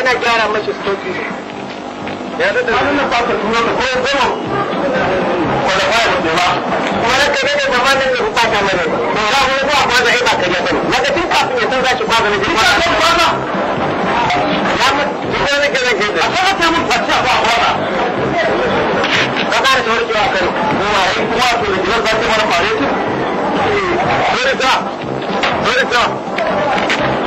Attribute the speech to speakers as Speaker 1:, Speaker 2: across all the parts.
Speaker 1: ina gyara mashi stoki ya da tuna da ba kuma da ta mana ba ba maka ya san ba ne ba ba ya ne ta ba ba ba ka ba da kiwa kuma kuma da gidan mara fare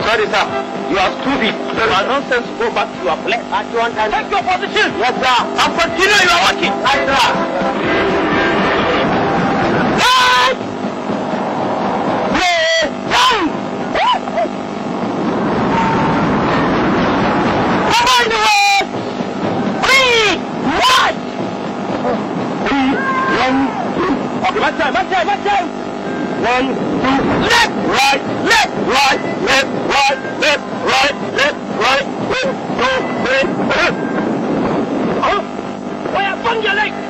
Speaker 1: Sorry, sir. You are stupid. You are nonsense. Go back to your place. At your Take your position. Yes, sir. And continue your working. Yes, sir. on your legs!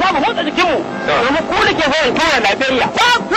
Speaker 1: za mu hotsa jikinmu domin ku da ke zai tura Najeriya. Ba ku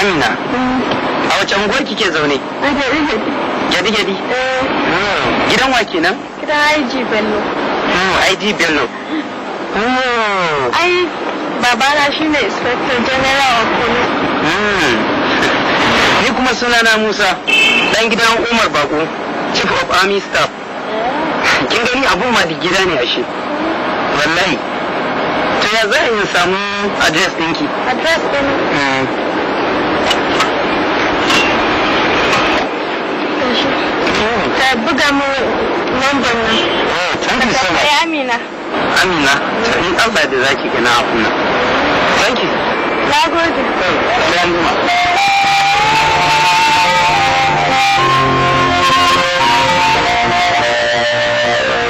Speaker 1: amina a wace unguwar kike zaune gadi gadi eh. hmm. gidan wa kenan gidan IG Bello hmm, IG Bello hmm. ai babana ne inspector general of police ni kuma sunana Musa ɗan gidan Umar Bako chief of army staff eh. kin gani abun ma gida ne ashe wallahi to ya za in samu address ɗinki address ɗinki. buga mu London nan. Oh, Amina. Amina, in Allah da zaki Thank you. Na gode. Oh, sai an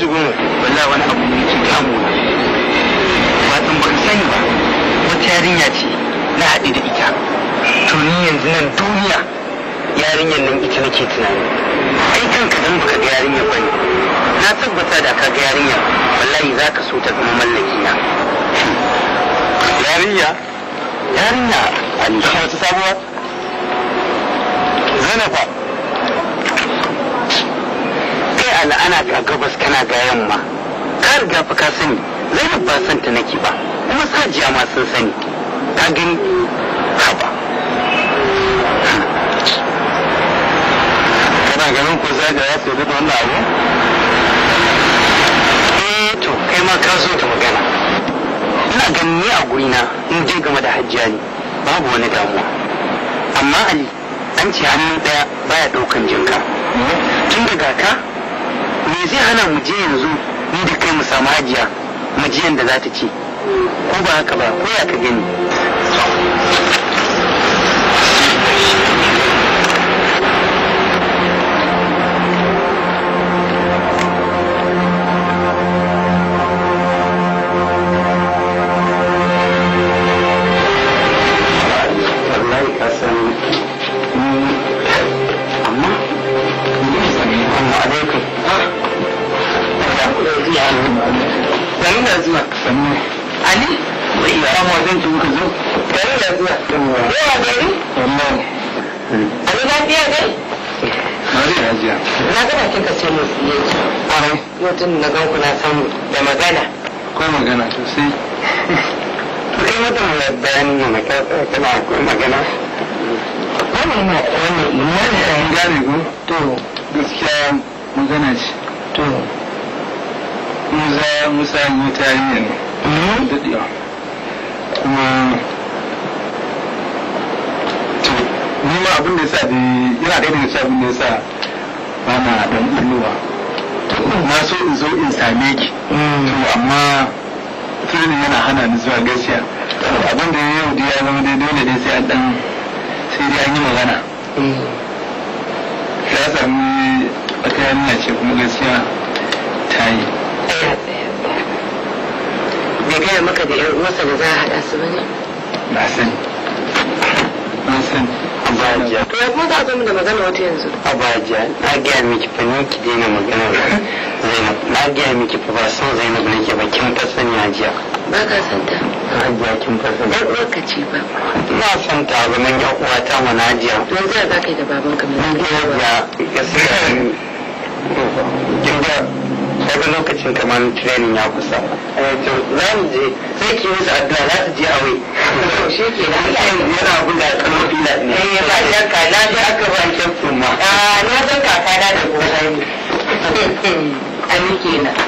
Speaker 1: ya goma wallahi wani abu ne ke damu ba san ban sani ba wata yarinya ce na haɗe da ita to ni yanzu nan duniya yarinyar nan ita nake tunani ai ka dan baka ga yarinyar bane na tabbata da ka ga yarinyar wallahi ka so ta zama mallaki na yarinya yarinya a wata sabuwa zanafa kana ana ga gabas kana ga yamma ka ga fa ka sani zainab ba ta nake ba kuma sajiya ma sun sani ka gani haba kana ganin ko zaga ya tsobi da wannan abu eh to kai ma ka zo ta magana ina ganin ni a gurina in je game da hajjiya ne babu wani damuwa amma ali an ce hannu daya baya daukan jinka tun daga ka me zai hana mu je yanzu ni da kai mu samu hajiya mu je yanda za ta ce ko ba haka ba ko ya ka gani Gari na zuwa. Ali? Wai ya samu wajen muka zo. Gari na zuwa. Yawa gari? Wallahi. Ali lafiya dai? Mari na jiya. Na ce mu tsiye ki. Kwarai. Yau na gan ku samu da magana. Akwai magana sosai. Kai mata bayanin mana kana magana. Wannan wannan wannan gane ko? To gaskiya magana ce. To musa musa wuta ne hmm? kuma to ni ma abin da ya sa da yana ɗaya daga cikin abin da sa ba na dan inuwa to na so in zo in same ki hmm. to amma tunanin yana hana ni zuwa gaskiya abin da yau da ya zama da dole dai sai an dan sai dai an yi magana hmm. ya sami wata yarinya ce kuma gaskiya ta yi bai gaya maka da yan uwarsa da za a haɗa su bane na sani na sani abajiya to ya kuma za a zo da magana wata yanzu abajiya na gaya miki fa ni ki daina magana zainab na gaya miki fa ba son zainab ke ba kin ta sani ajiya ba ka santa ajiya kin fa sani ɗan uwarka ce ba ina santa abu nan yan uwata ma na jiya. ajiya yanzu za ka yi da babanka mai zai ya gaskiya kin ga daga lokacin kamar training ya kusa eh, to za mu je sai ki musu addu'a za su je a wai shi ke nan yana buga kamar filat ne eh ba shakka na ji aka ba shakku ma ah, na san kaka na da kokari ani kenan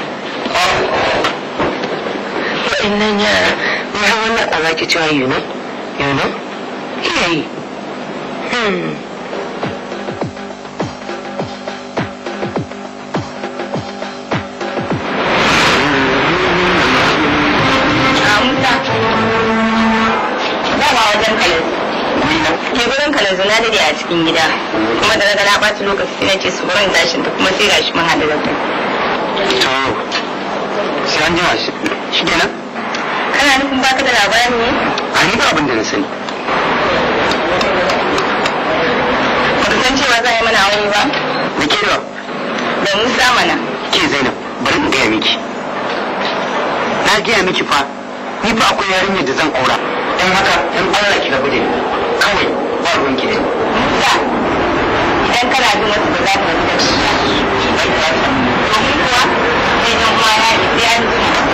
Speaker 1: wa'annan yara ma wannan ba za ki cewa yuno yuno iyayi hmm ke gurin ka na zina da a cikin gida kuma da na ɓata lokaci na ce su gurin tashin ta kuma sai gashi mun haɗu da ku. to sai an jima shi kenan. kana nufin baka da labarin ne. a ni ba abin da na sani. ba san cewa za a yi mana aure ba. da ke da. da musa mana. ke zainab bari in gaya miki. na gaya miki fa ni ba akwai yarinyar da zan aura. don haka don Allah ki rabu da ni kawai ba ruwan ki da ni idan kana jin wasu ba za ka rabu da shi ba domin kuwa sai dan uwa ya yi an yi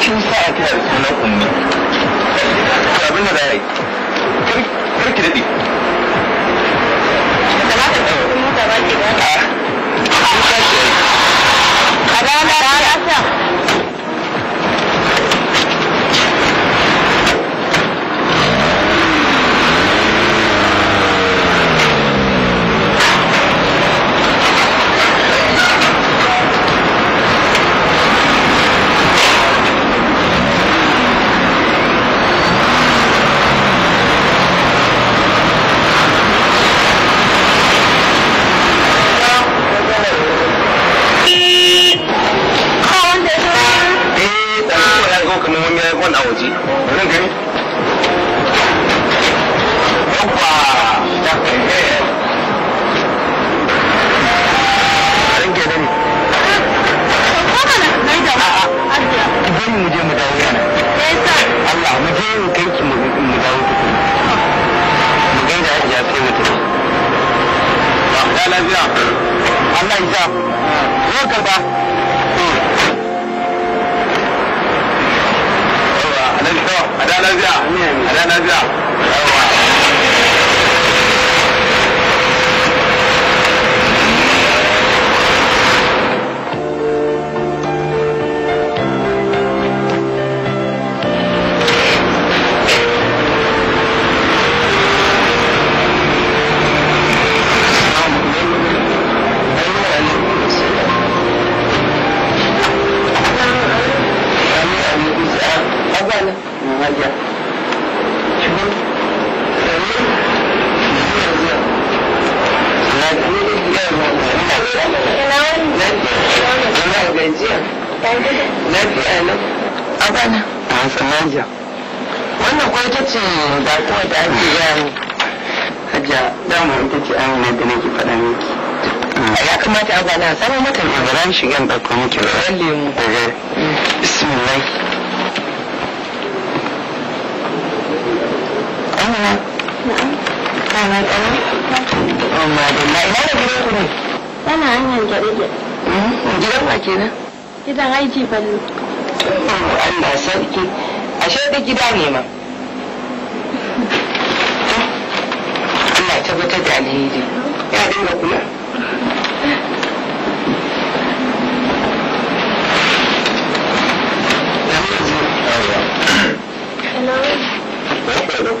Speaker 1: kin sa a tayar sunan ummi abin da za a yi karki daɗe ah. a da ta dawo yana. Allah mu hajiya shigo wannan kwa ita ce ba kowa da ake yaro hajiya dama ita ce amina da nake faɗa miki ya kamata a bana sanar mata a ba za mu shiga ɗauko miki ba lemu bismillah nắng không anh? Nắng. Hai ngày tới. Còn mà thì mẹ nói là video của mình. Đó là anh hành cho đi vậy. Ừ, mình chỉ đóng lại chị đó. Chị đang ai chị phần. anh đã sợ chị. À sợ đi chị đang gì mà. Allah tabbatar da alheri. Ya dinga kula. Hello.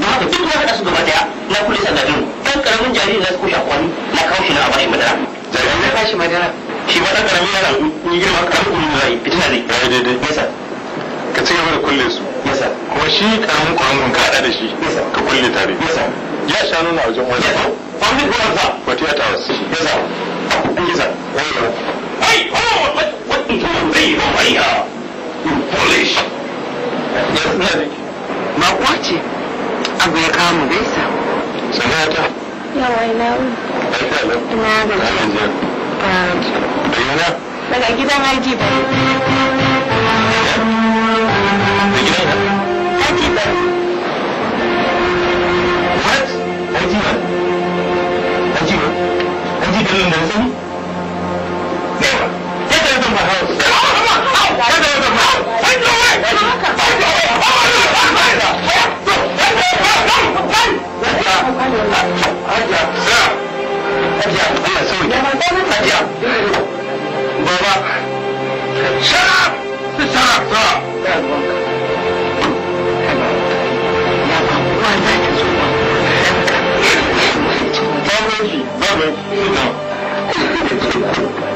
Speaker 1: na haka duk wani su gaba daya na kulle sanadin dan karamin jariri na kushe kwani na kawo shi na a bashi madara jariri na bashi madara shi ma dan karamin yaron in girma karamin kullum zai fitina zai ya daidai yasa ka ci gaba da kulle su yasa kuma shi karamin kwanon ka hada da shi ka kulle tare yasa ya sha nuna wajen wani yasa family grounds up but ya tawas yasa yasa wai oh what what do you mean oh my god you polish yes na kwace abu ya ina ina daga gidan aji ba 阿姐，是。阿姐，不要走。爸爸，爸爸，是，是，是。爸二我二。去做饭。咱们去，咱们去。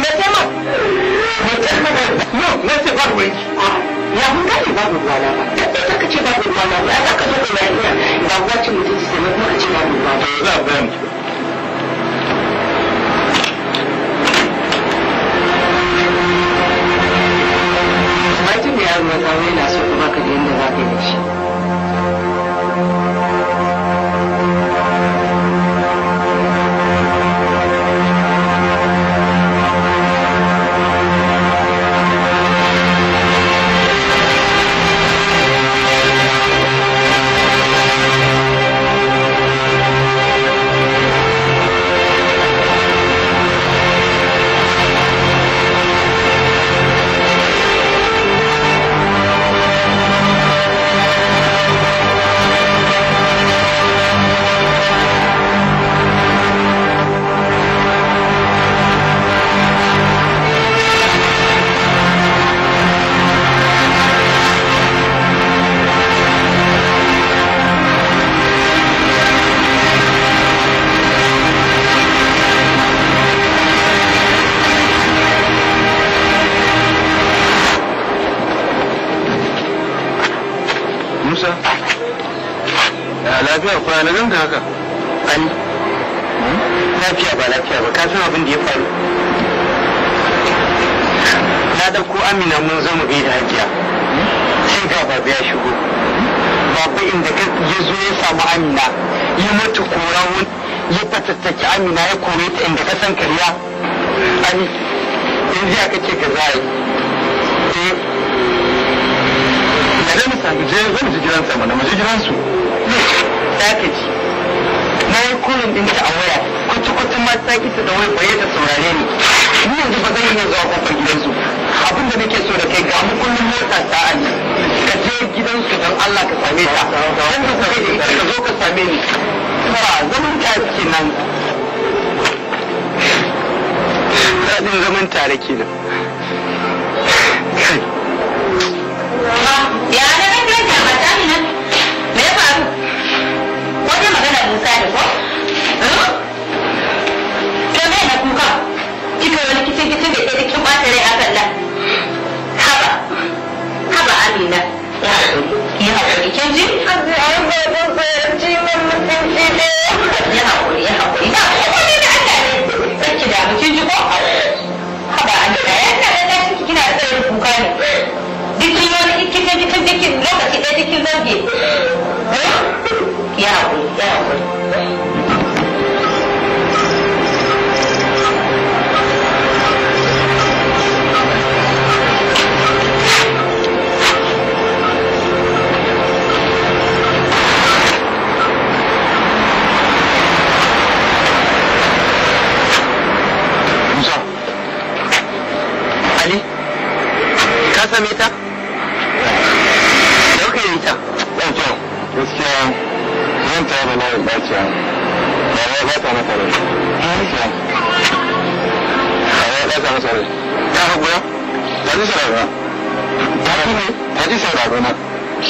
Speaker 1: taro na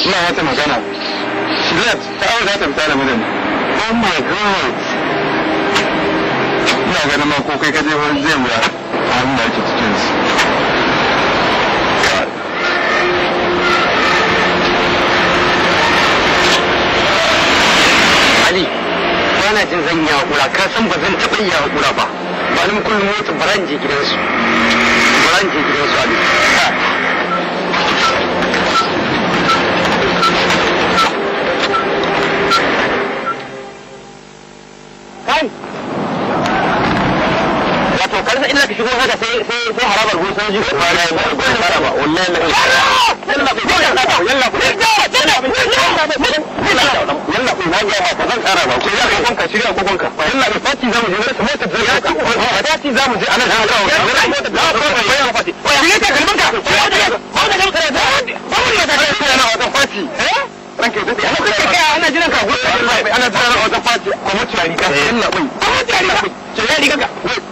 Speaker 1: ina wata magana she ta aure za ta fita da mijin oh my god ina ganin ma ko kai ka je wani zai wuya a hannun da ake cikin su Ali, ba na jin zan yi hakura, ka san ba zan taɓa yi hakura ba. Ba ni kullum wata baran je gidansu. Baran je gidansu Ali. za ki shigo haka sai sai sai harabar ko sai jikin ba na ba ba ba wallahi na yalla yalla yalla yalla yalla ko ko yalla ko ka ka ka ana kai ana jiran ka ana jiran ka ka ka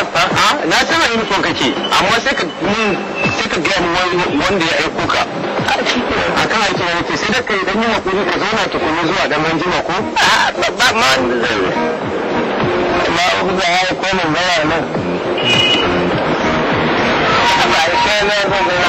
Speaker 1: na san ayi so kake amma sai ka sai ka ga wanda ya aiko ka ah, a kan aiki na nake sai da kai dan yi makuri ka zauna ki kuma zuwa dan man jima ko ah, a ba ma ma ku ga ya ko mun ba nan ah, ba shi ne zan ga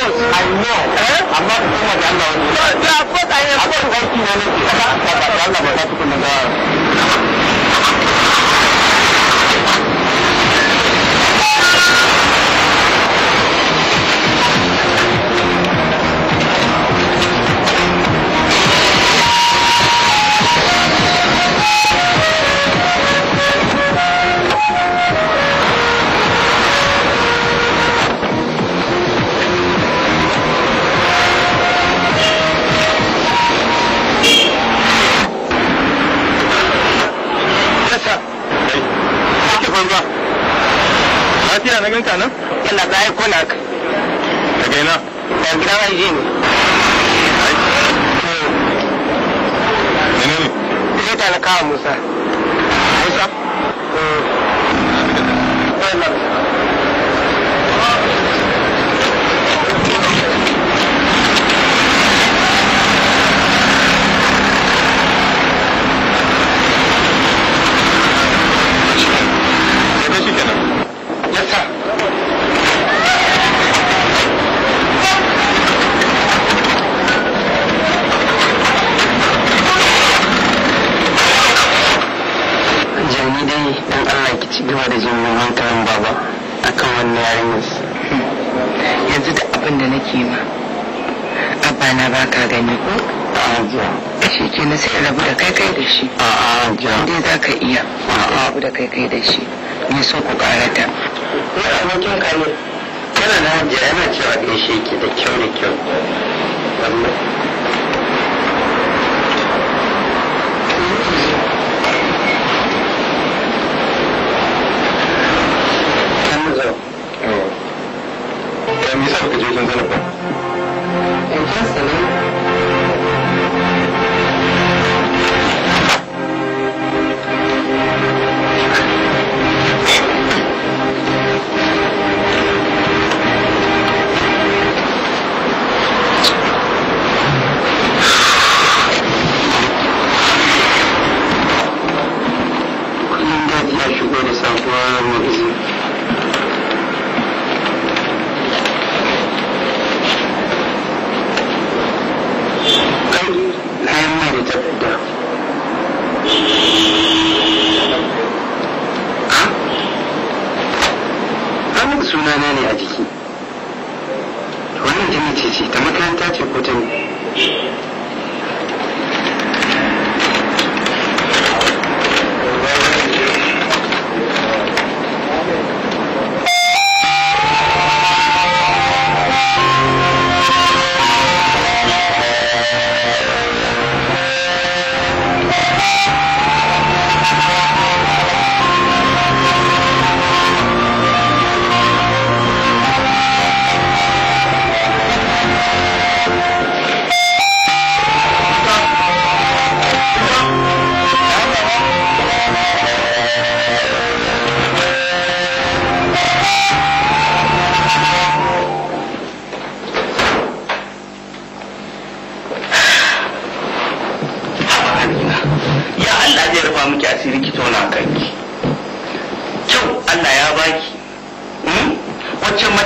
Speaker 1: course, I know. Eh? I'm not saying that Allah. No, of course I am. I'm not working on it. I'm not lafiya na ganka nan? Yana da ya Daga ina? Daga gidan aji ne. Menene? Sai talakawa Musa. ci gaba da jin hankalin baba a kan wannan yarinyar yanzu da abin da nake ma abba na ba ka gani ko a shi ke na sai rabu da kai kai da shi a dai za ka iya rabu da kai kai da shi ne so ku ta wani abokin ka ne yana na hajiya yana cewa shi ke da kyau da kyau Presidente São Paulo. juna ne a jiki wannan jini ce ce ta makaranta ce ko ta ne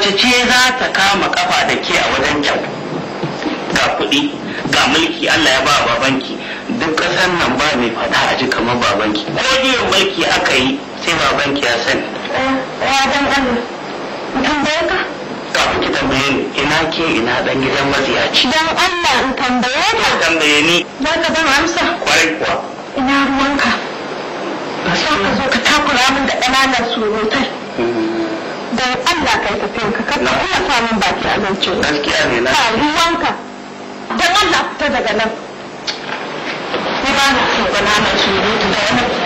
Speaker 1: mace ce za ta kama kafa da ke a wajen can ga kuɗi ga mulki Allah ya ba babanki duk ƙasar nan ba mai fada a ji kamar babanki ko biyan mulki aka yi sai babanki ya sani eh, eh, kafin ki tambaye ni ina ke ina dan gidan maziyaci dan Allah in tambaye ka tambaye ni za ka ban amsa kwarai kuwa ina ruwanka ka sa ka zo ka takura min da ƙananan surutai tafiyan ka kada kana samun baki a nan cewa gaskiya ne na ruwanka Allah fita daga nan ni ba na da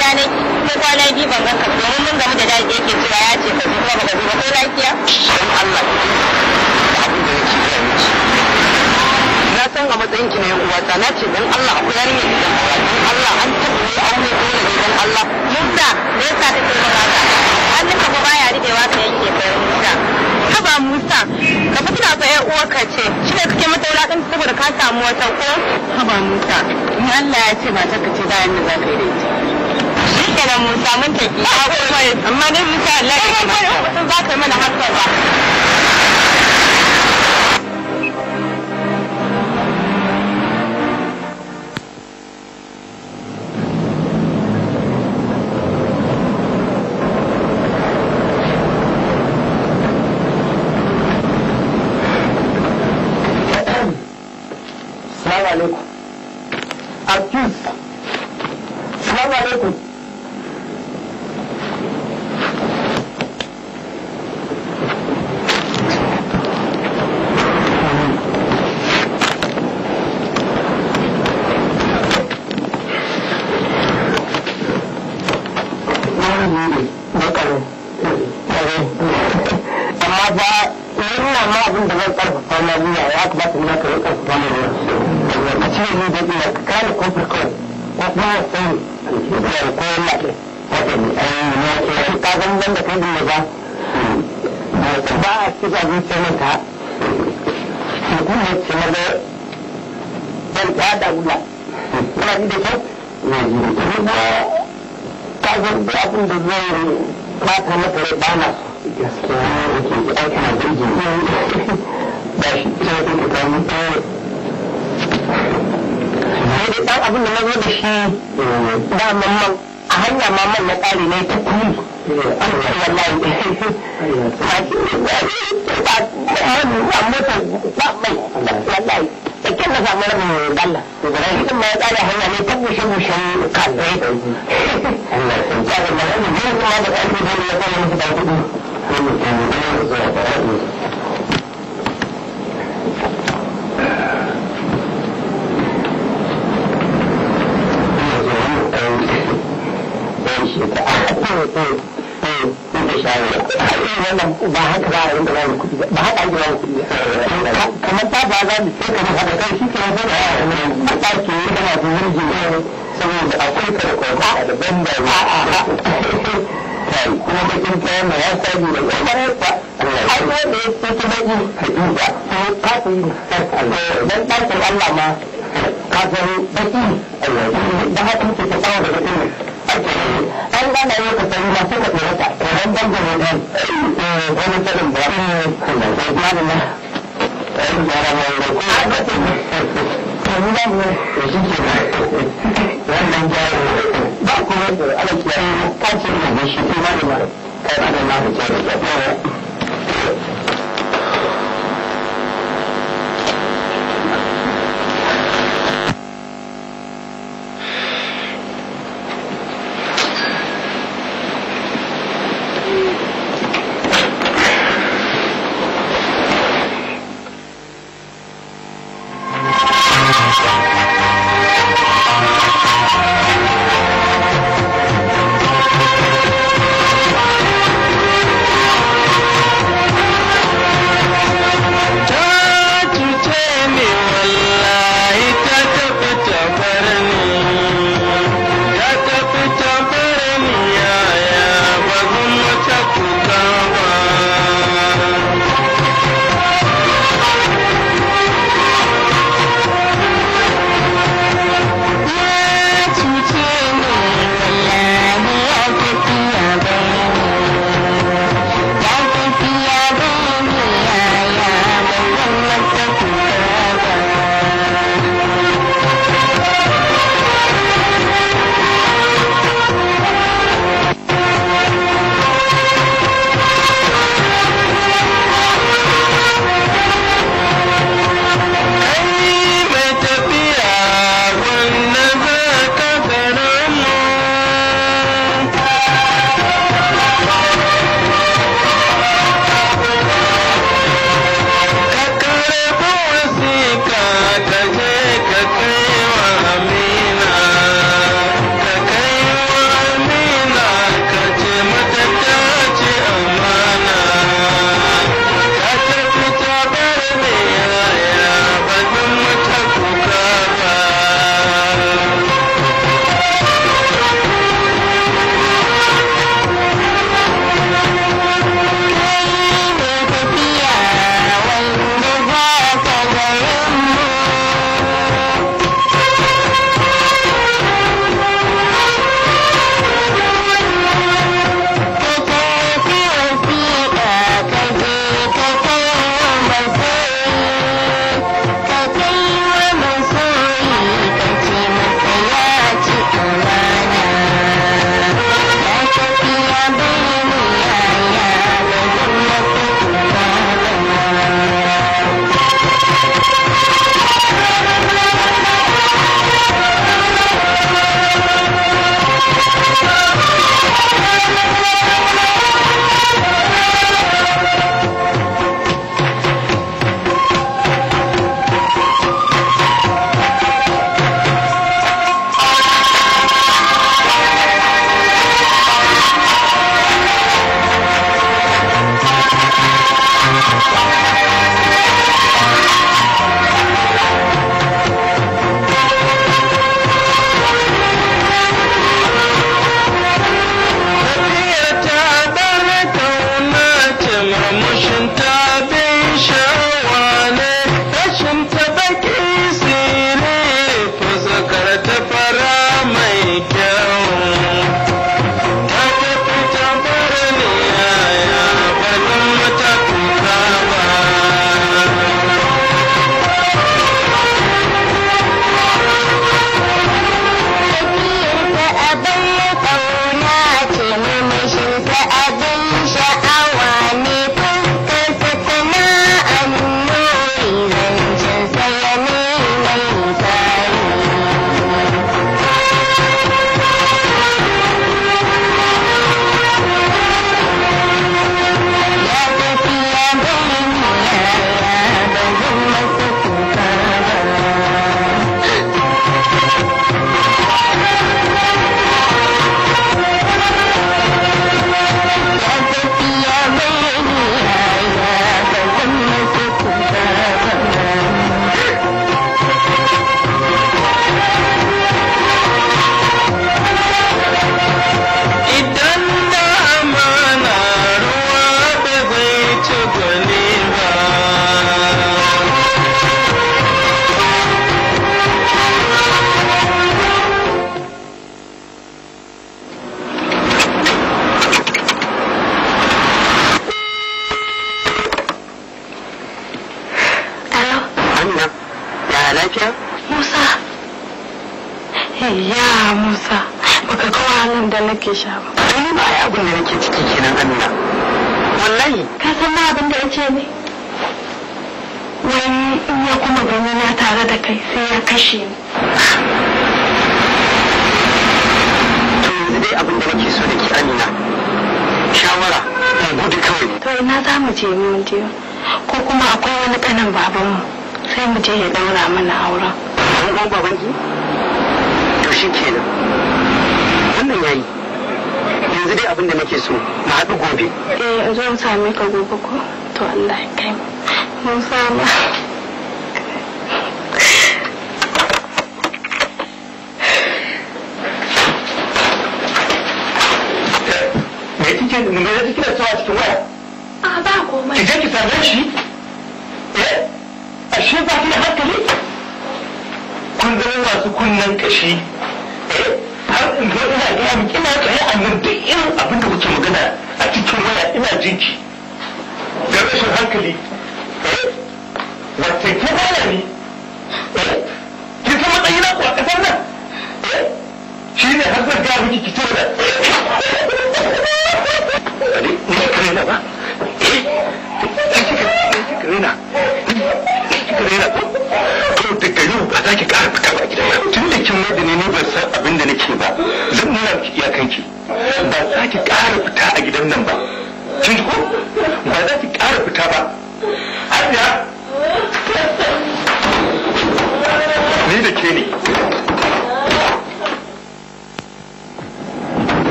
Speaker 1: gida ne sai kwana biyu ban ganka ba mun mun gamu da daji yake cewa ya ce ka zuwa ba ka zo ba ko lafiya dan Allah na san a matsayin ki na yan uwata na ce don Allah a kula ne don Allah an ne yi ne ko ne dan Allah Musa ya mutta ta yasa kake ba ka hannunka ba baya ridewa ka yanke kai Musa. haba Musa ka fi tuna fa ƴan uwarka ce shi ne kake mata wulaƙanci saboda ka samu wata ko haba Musa ni Allah ya ce matar ka ce bayan da za ka yi da ita mu kenan Musa mun tafi. Amma dai Musa Allah ya kai mana ba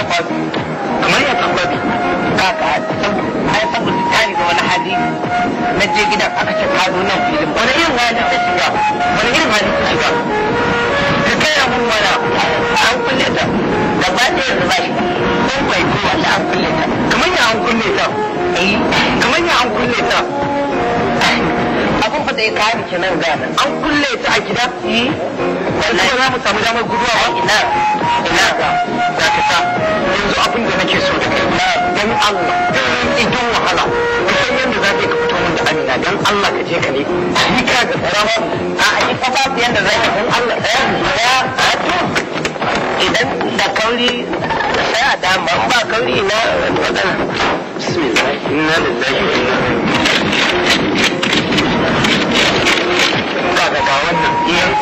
Speaker 1: akwabi kamar ya ai sabu wani hali na je gidan aka ce kado nan filin wani irin ta wani irin ta ka gaya mun wala an kulle ta da ba ba shi ko bai ko wala an kulle ta kamar ya an kulle ta eh, kamar ya an kulle ta abin ba zai kayan ki nan gana an kulle ta a gida wallahi za mu samu damar guduwa ba ina ina ga za ka sa yanzu abin da nake so da kai na dan Allah idan wahala ka san yadda za ka yi ka fito mun da Amina dan Allah ka je ka ne ni ka ga tsara a a yi kafa yanda za ka dan Allah tsaya ya to idan da kauri sai a dama ba kauri na magana bismillah inna lillahi wa inna ilaihi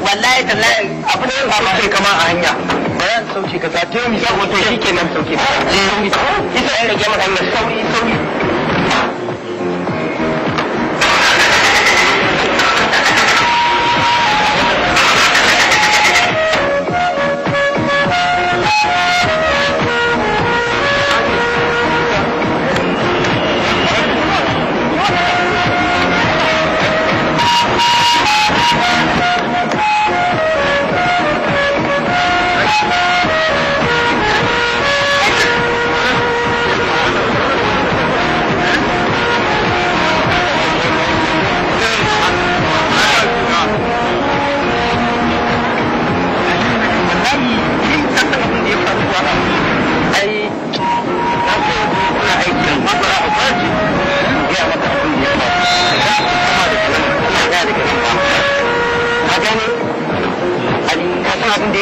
Speaker 1: wallahi tallahi abu ne ba kai kama a hanya bayan sauke ka sa ta yi misali wato shi kenan sauke ka eh, ita ne rage maka hanyar sauri sauri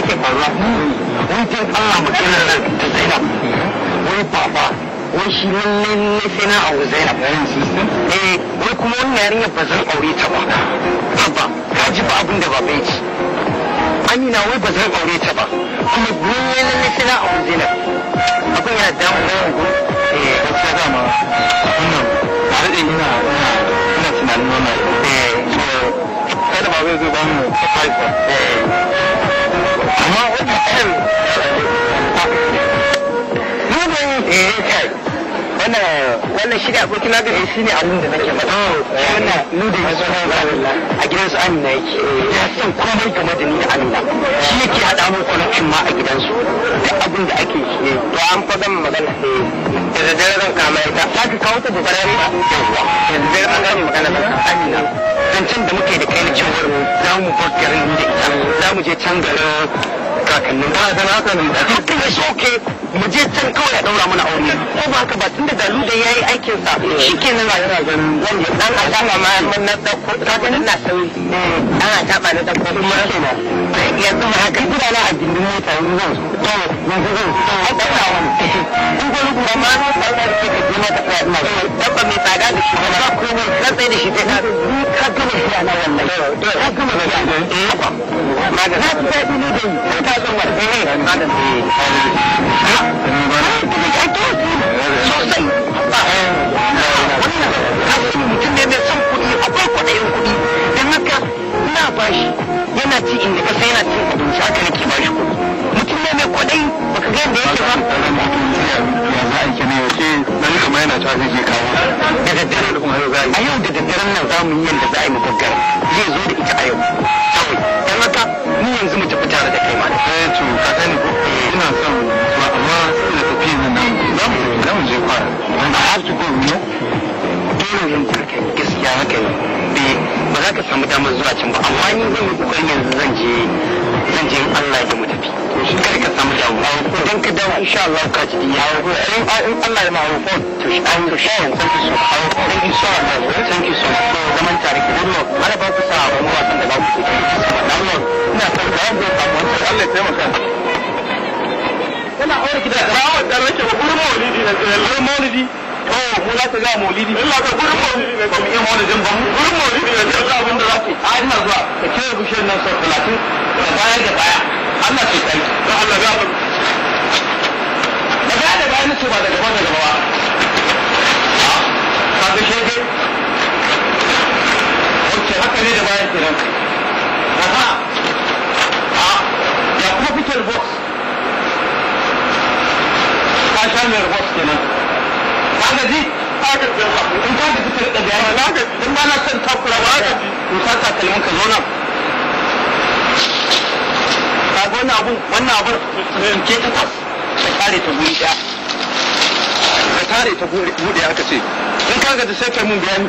Speaker 1: yake faruwa wancan Allah magana nan da Zainab wani baba wani shi lallai na sai na auri Zainab eh wani kuma yari yarinya ba zan aure ta ba abba ba ji ba abin da baba ya ci Amina wai ba zan aure ta ba kuma dole lallai sai na auri Zainab abin yana damu da a eh gaskiya dama wannan tare da ina ina tunanin wannan eh kada ba zai zo ba mu surprise amma wani eh, kai wannan wannan shi ne abokin na gari shi ne abin da nake mata oh, oh. wannan nu da yanzu na zamilla a gidan su amina yake ya eh. san komai game da ni da amina shi yake haɗa mun connection ma a gidansu duk abin da ake shi to an fa zan magana da daddare zan kama ita za ka kawo ta da barari ba da daddare an gane magana da amina zancen da muke da kai na cewar za mu bar garin da ita za mu je can garin kakannin ba da na sanin da hakan ya soke mu je can kawai a daura mana aure ko ba ka ba tun da dalu da yayi aikin sa shikenan ga yana ganin wanda dan a ma mun na da ko ka ga ina sauri eh, ana taba na da ko mun rasa na yanzu ma haka gida na a gindin mota yanzu zan to yanzu zan a daura wani in ko rubu ma na eh. tsada da kike ji mata ko na dabba mai tsada da shi ba ko mun sai da shi ta ka gama shi ana wallahi eh, ka gama da shi ma da na da ne da ina son wata ne sosai wannan mutum ne mai son kuɗi akwai kwaɗayin kuɗi don haka ina bashi yana ci inda ka sai yana cin abinci haka nake bashi kuɗi mutum ne mai kwaɗayi baka ga yadda yake ba a yau da daddaren nan za mu yi yadda za a yi mu gaggara zai zo da ita a yau kawai yanzu mu tafi tare da kai ma eh to ka sani ko ina son amma nan nan za mu za mu je dole gaskiya haka ne eh, ba za ka samu damar zuwa can ba amma ni zan yi kokarin yanzu zan je zan je Allah ya mu tafi ka samu damuwa idan ka dawo insha Allah ka ji ya in Allah ya ma hawo to shi an to shi an so thank you so much zaman tare ki dole mara ba ku sa da ba ku ci Allah ina son ka wanda ya samu wancan Allah ya taimaka kana aure gida ba wa dan rake ba gurin maulidi na gurin maulidi to oh, mu za ka ga maulidi illa ka gurin maulidi ne ba mu iya maulidin ba mu gurin maulidi ne Allah abin da za a ah, ina zuwa ka kira bishiyar nan sau talatin da bayar da baya Allah sai kai da Allah ya ba da da baya nace ba da ba ah, ka ga ok haka ne da bayan kenan aha total box ka sha mai kenan ka gaji in ka gaji ka rika bayani in ba na son ba ka zo nan ka ga wannan eh, ka kare ta guri ka kare ta guri aka ce in ka ta sai mun bayani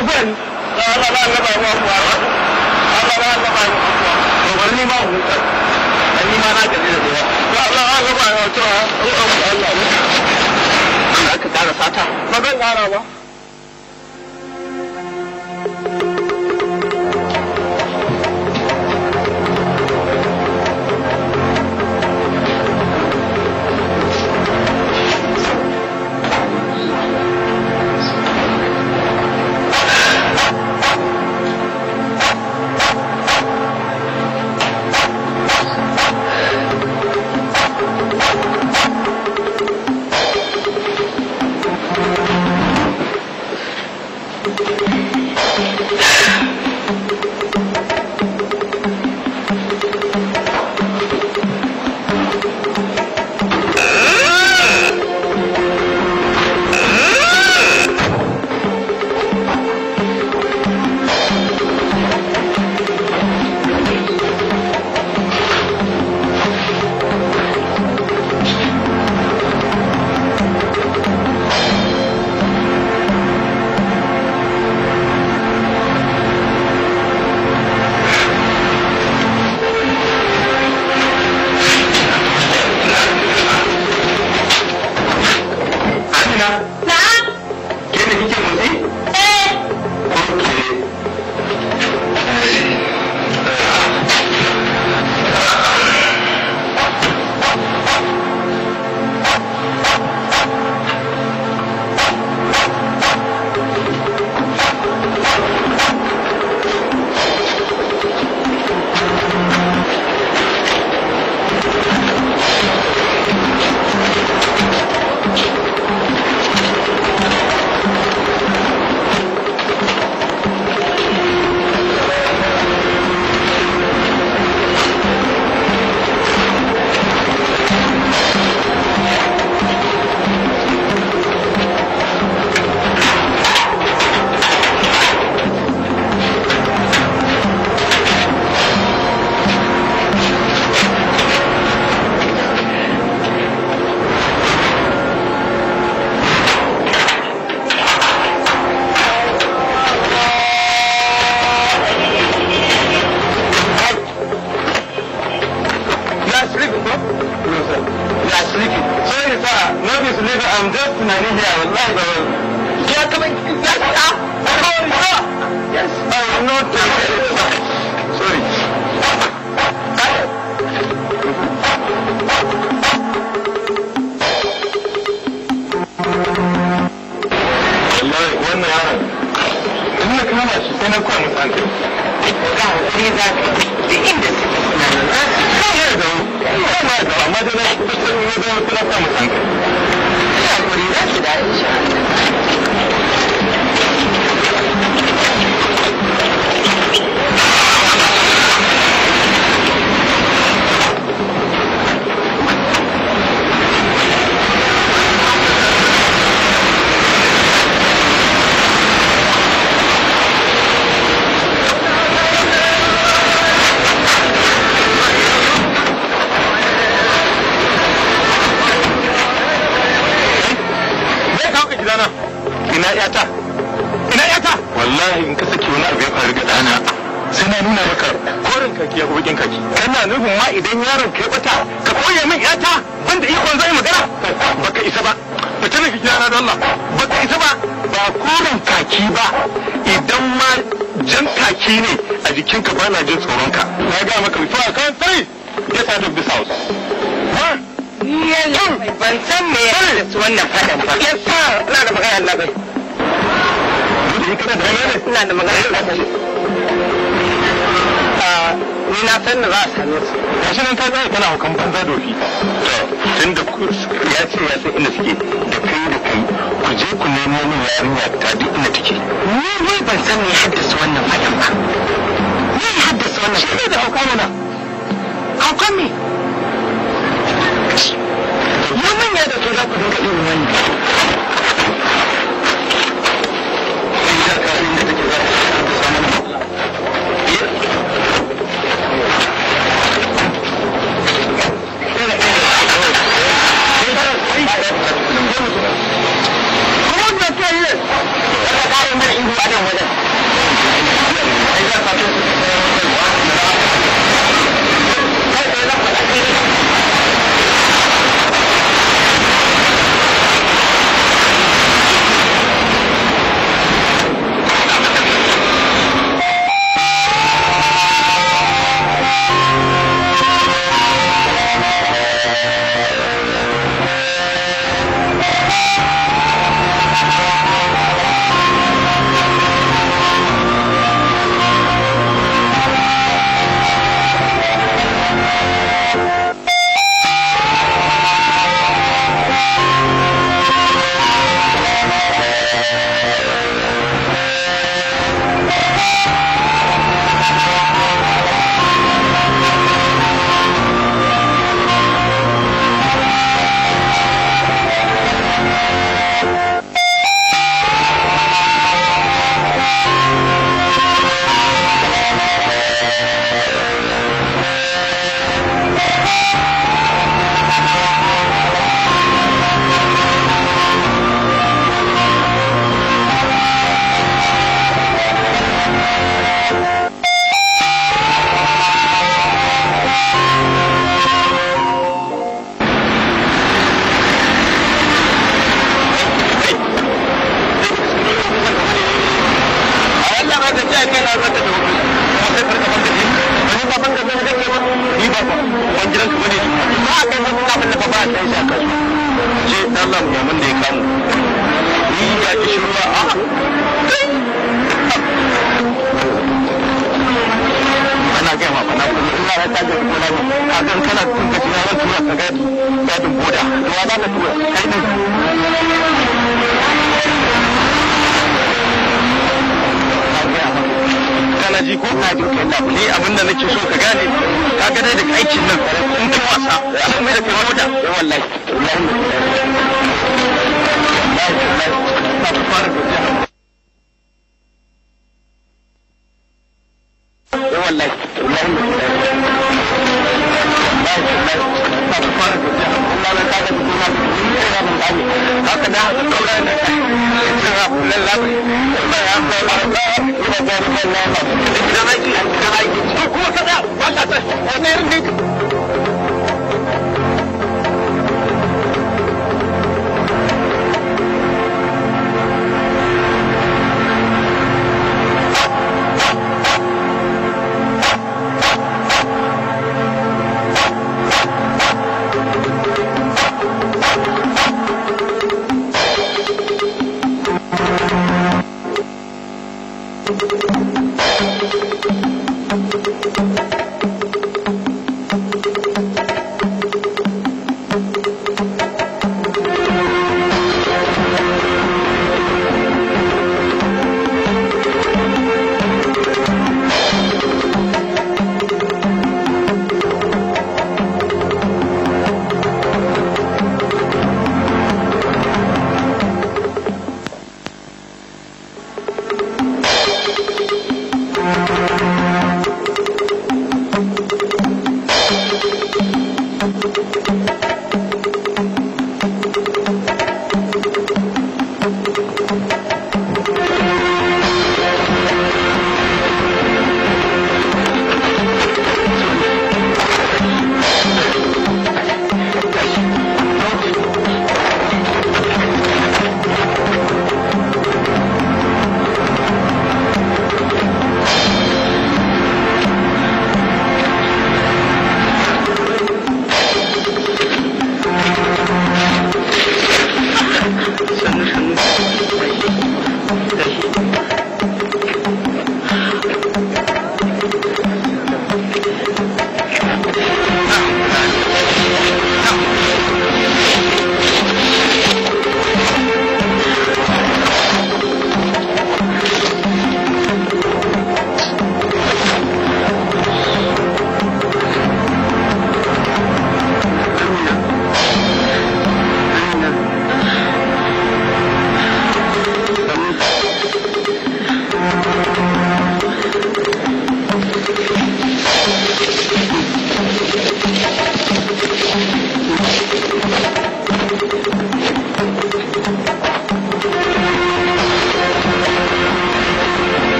Speaker 1: ku bẹ́ẹ̀ ni. wa.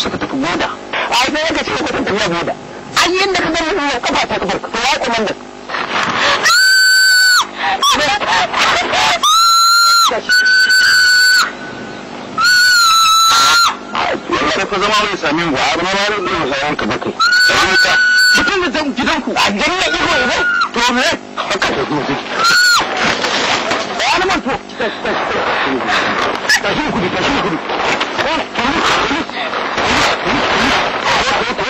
Speaker 1: suka tafi moda ai sai yanka ce ka tafi moda ai yanda ka gani kafa ta kafar to ka zama wani sami wa abu na wani gudun sayan ka bakai. da zan a janna ne. To me? Haka da Wani Tashi tashi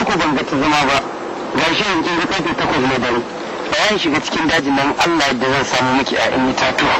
Speaker 1: uku ban ta zama ba gashi yanzu ga karfe takwas na dare bayan shiga cikin dajin nan Allah yadda zan samu miki 'ya'yan itatuwa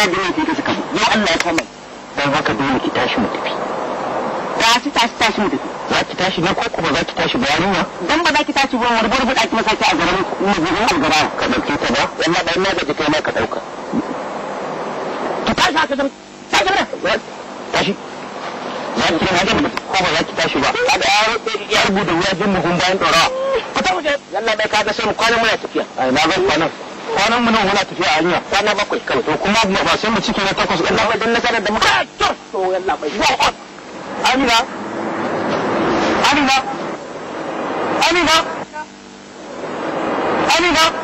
Speaker 1: ana jiran ki ta suka mu Allah ya kama dan haka dole ki tashi mu tafi ci tashi tashi mu tafi za ki tashi ne ko kuma za ki tashi bayanin ya dan ba za ki tashi wurin warbar buɗa ki masa a garin mu gurin a gaba ka dauke ta ba wallahi bayan na gaji kai ma ka dauka ki tashi haka dan tashi za ki tashi ba za da ya rubuta bayan ɗora. yalla bai ka ga sai mu kwana muna tafiya ai na ga kwanan kwanan mu nan muna tafiya a hanya kwana bakwai kawai to kuma ba sai mu ciki na takwas ɗin ba dan nasarar da muka to amina amina amina amina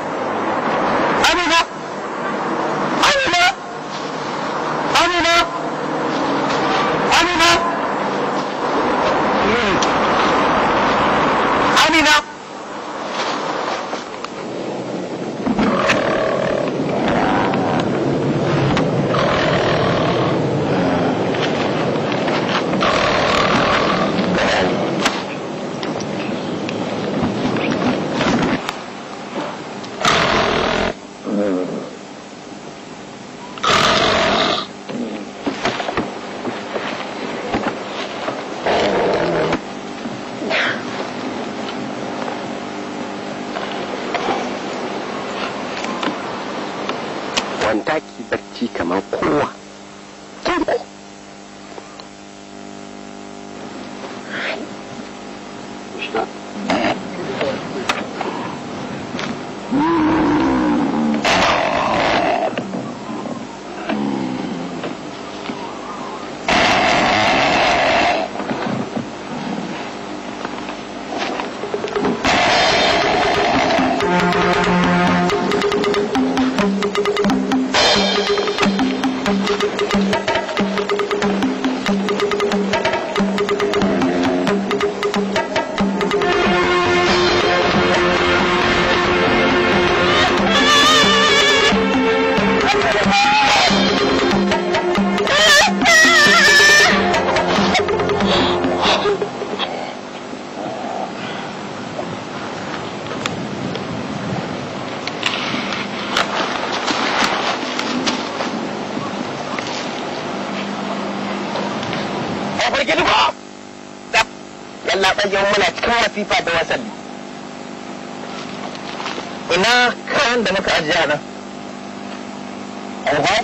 Speaker 1: fifa da wasan ina kayan da muka ajiya nan Oho,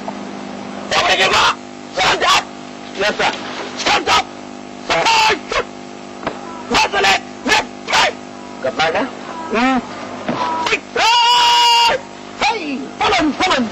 Speaker 1: wani jama'a, stand up! Yes, sir. Stand up! Stand Masale, left, right! Gaba na? Hmm. Hey, follow, follow!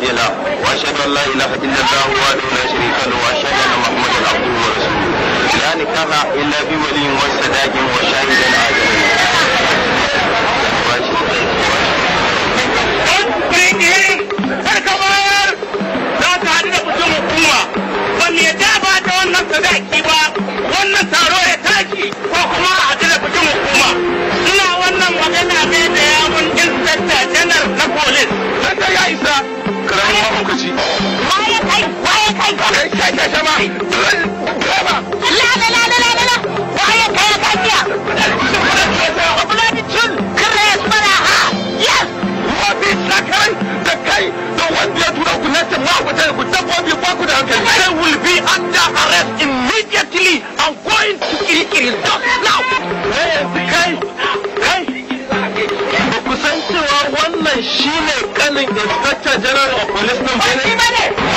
Speaker 1: له واشهد ان لا اله الا الله وحده لا شريك له واشهد ان محمدا عبده ورسوله لا نكاح الا بولي وسداد وشاهد عادل lokaci. Waye kai, waye kai. Kai kai kai Waye kai ya kai Yes. Wabi sakai da kai da wanda ya tura ku nace ma ku tare ku ba ku da hankali. They will be under arrest immediately going to Now. Hey, kai. wannan shine kanin inspector general of police din bane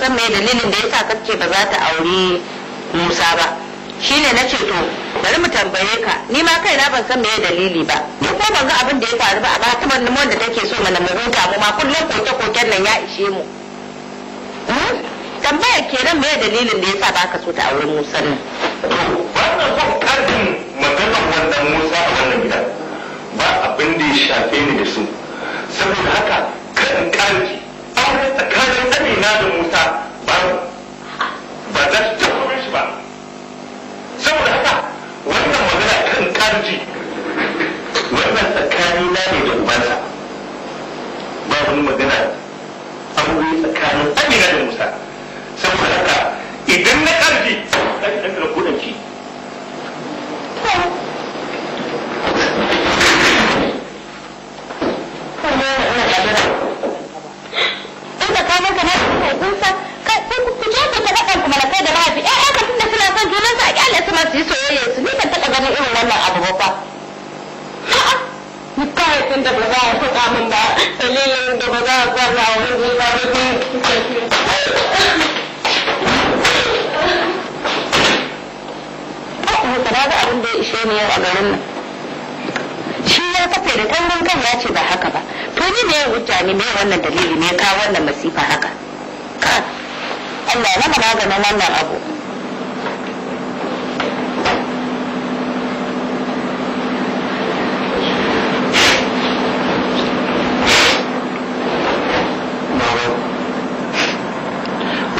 Speaker 1: san me dalilin da yasa kace ba za ta aure Musa ba shine na ce to bari mu tambaye ka ni ma kaina ban san me dalili ba ko ban ga abin da ya faru ba a ba ta wanda take so mana mu huta mu ma kullum koke koken nan ya ishe mu hmm? tambaya kenan me dalilin da yasa baka so ta aure Musa nan wannan ko karfin maganar wannan Musa a wannan gida ba abin da ya shafe ni da su saboda haka kan karfi aure tsakanin amina da musa ba ba za su taɓa wurin shi ba saboda haka wannan magana kan karji wannan tsakanin na ne da ubansa ba wani magana aure tsakanin amina da musa saboda haka idan na karji ɗan ɗan ɗan ɗan tsakanin ka na kun san kai kun ku je ku faɗa kanku malakai da mahaifi eh eh tunda suna son junan su a kyale su ma su yi soyayya su ni ban taɓa ganin irin wannan abu ba ni tun da ba za a faɗa min ba dalilin da ba za a gwada a wani zuwa ba haka na ga abin da ya ishe ni yau a garin nan shi ya kafe da taurin kan ya ce ba haka ba to ni me hujja ne me wannan dalili ne ka wannan masifa haka ka Allah na maganin wannan abu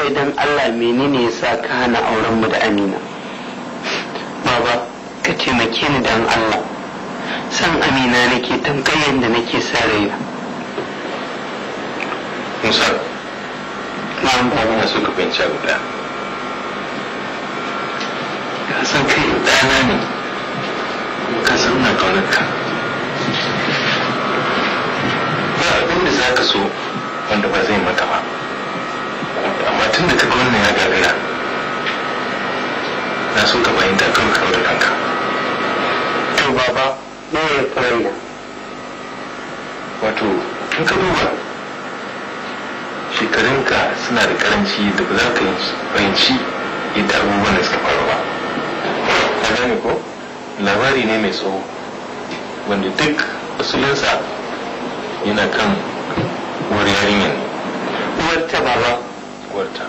Speaker 1: dan Allah menene ya sa ka hana aurenmu da Amina baba ka taimake ni dan Allah san amina nake tamkar da nake sa rayu musa na amina so ka fahimci abu ɗaya ka san kai ɗana ne ka san na kaunarka ba abin da za ka so wanda ba zai maka ba amma tun da ta wannan ya gagara na so ka fahimta kawai kawai kanka to baba ya kwarai da wato in ka duba shekarunka suna da karanci da ba za ka yi fahimci yadda abubuwan da suka faru ba a gane ko labari ne mai tsawo wanda duk usulinsa yana kan uwar yarinyar uwarta baba ta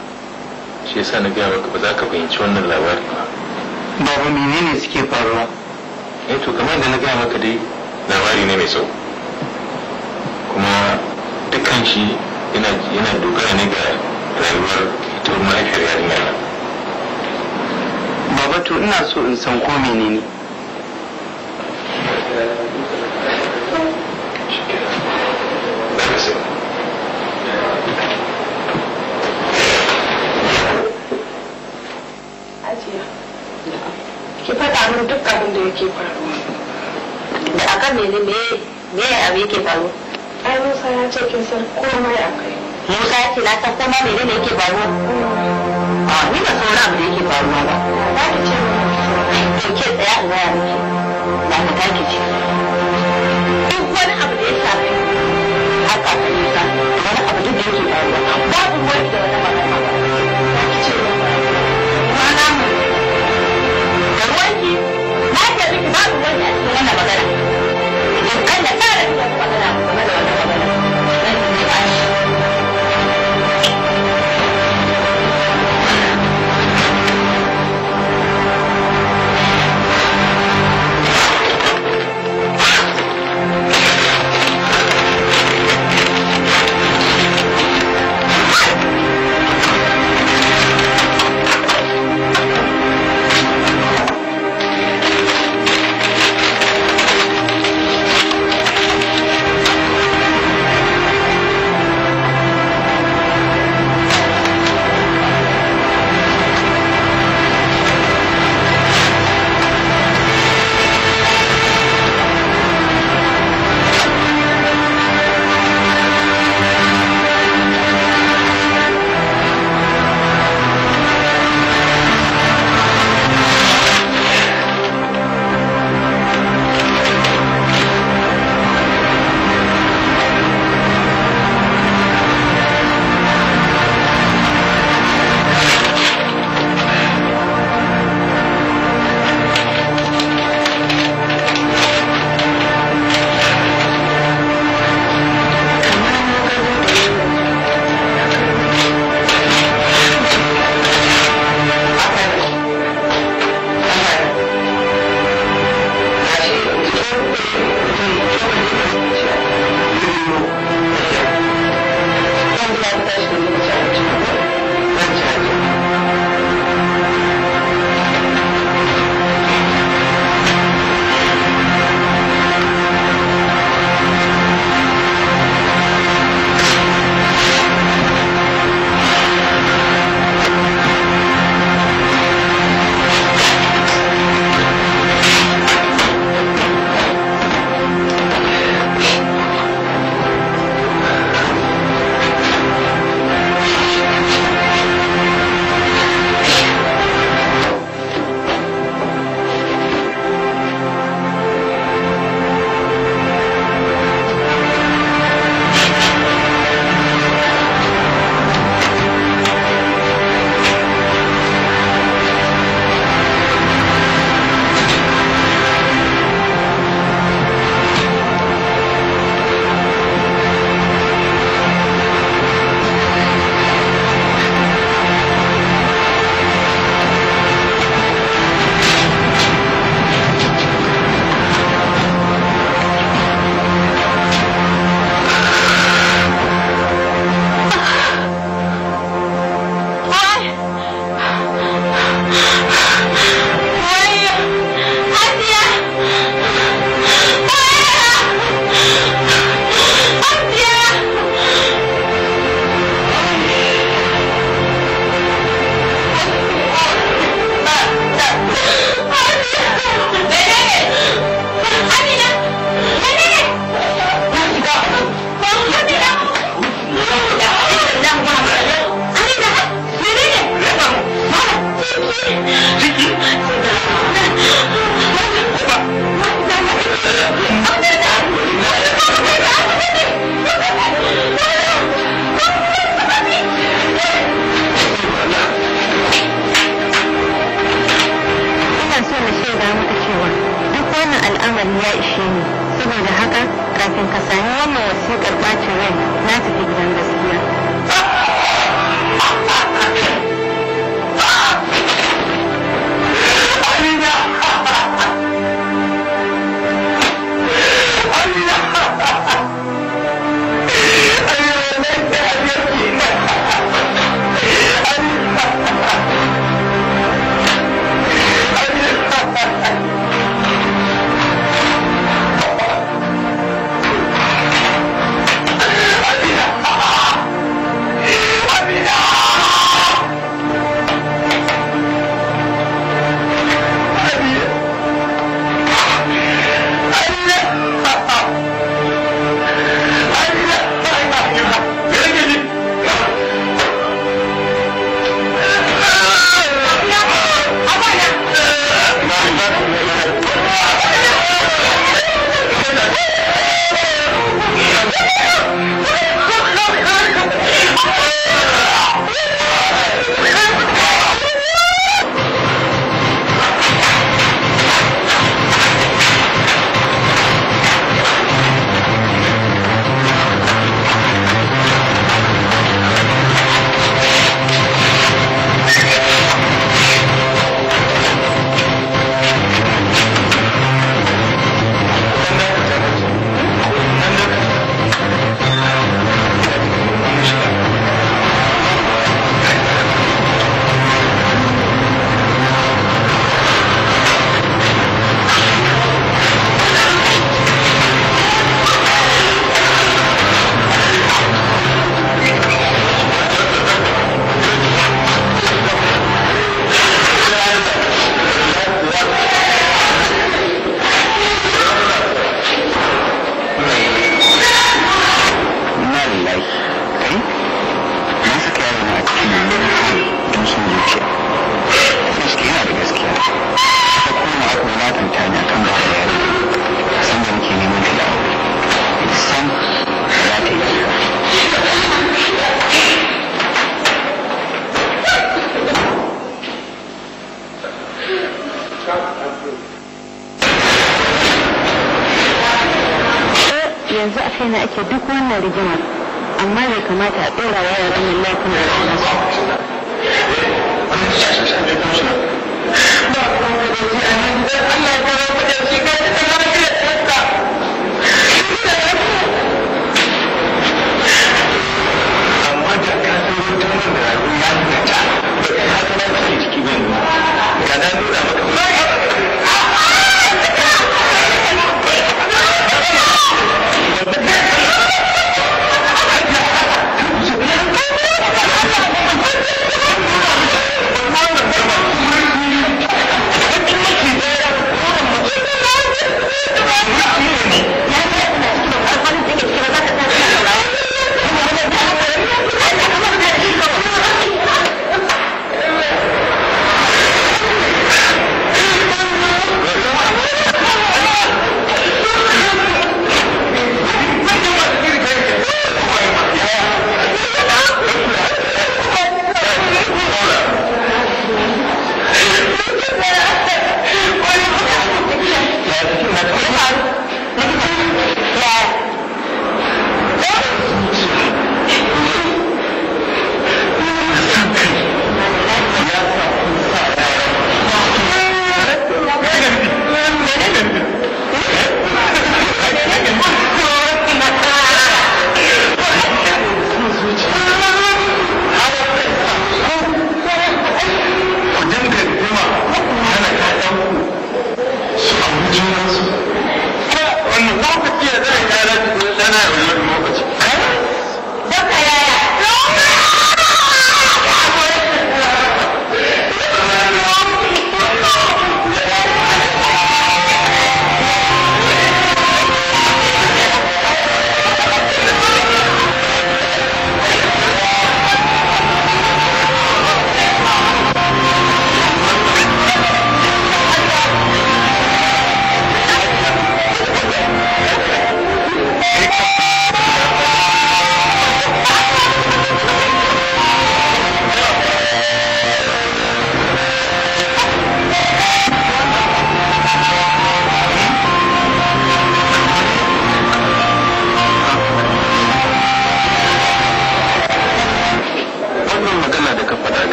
Speaker 1: shi yasa na gaya maka ba za ka fahimci wannan labari ba baba menene suke faruwa eh to kamar da na gaya maka dai labari ne mai sau kuma dukkan shi yana dogara ne ga rayuwar ita mahaifiyar yarinya ba baba to ina so in san ko menene ne abin da yake faruwa da kan mene me me abin yake faruwa ai musa ya ce kin san komai a kai musa ya ce na san kuma mene ne yake faruwa mm. a ni ba san abin da yake faruwa ba ba ki ce ba ki tsaya in gaya miki ba ka take ce